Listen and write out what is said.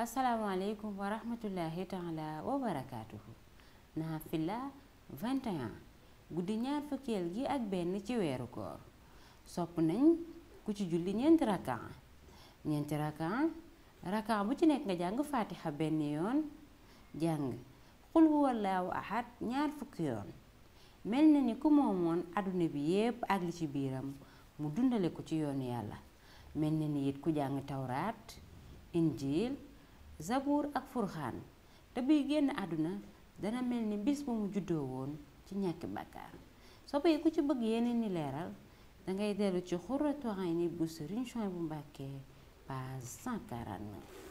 asalaamaaleykum wa rahmatullahi taala wa barakaatuhu naafila guddi ñaar fukkeel gi ak benn ci weeru koor sopp nañ ku ci julli ñeenti rakaa ñeenti rakaa rakaa bu ci nekk nga jàng faatixa benn yoon jàng xul huwallaahu ahad ñaar fukki yoon mel na ni ku moomoon àdduna bi yépp ak li ci biiram mu dundale ko ci yoon yàlla mel na ni it ku jàng tawraat injiil Zabour ak Furxaan te buy génn àdduna dana mel ni mbis bu mu juddoo woon ci ñàkki bàkkaar sopp yi ku ci bëgg yeneen ni leeral dangay dellu ci Xurratu Ayni bu Sëriñ Suwaybu bu Mbàkke page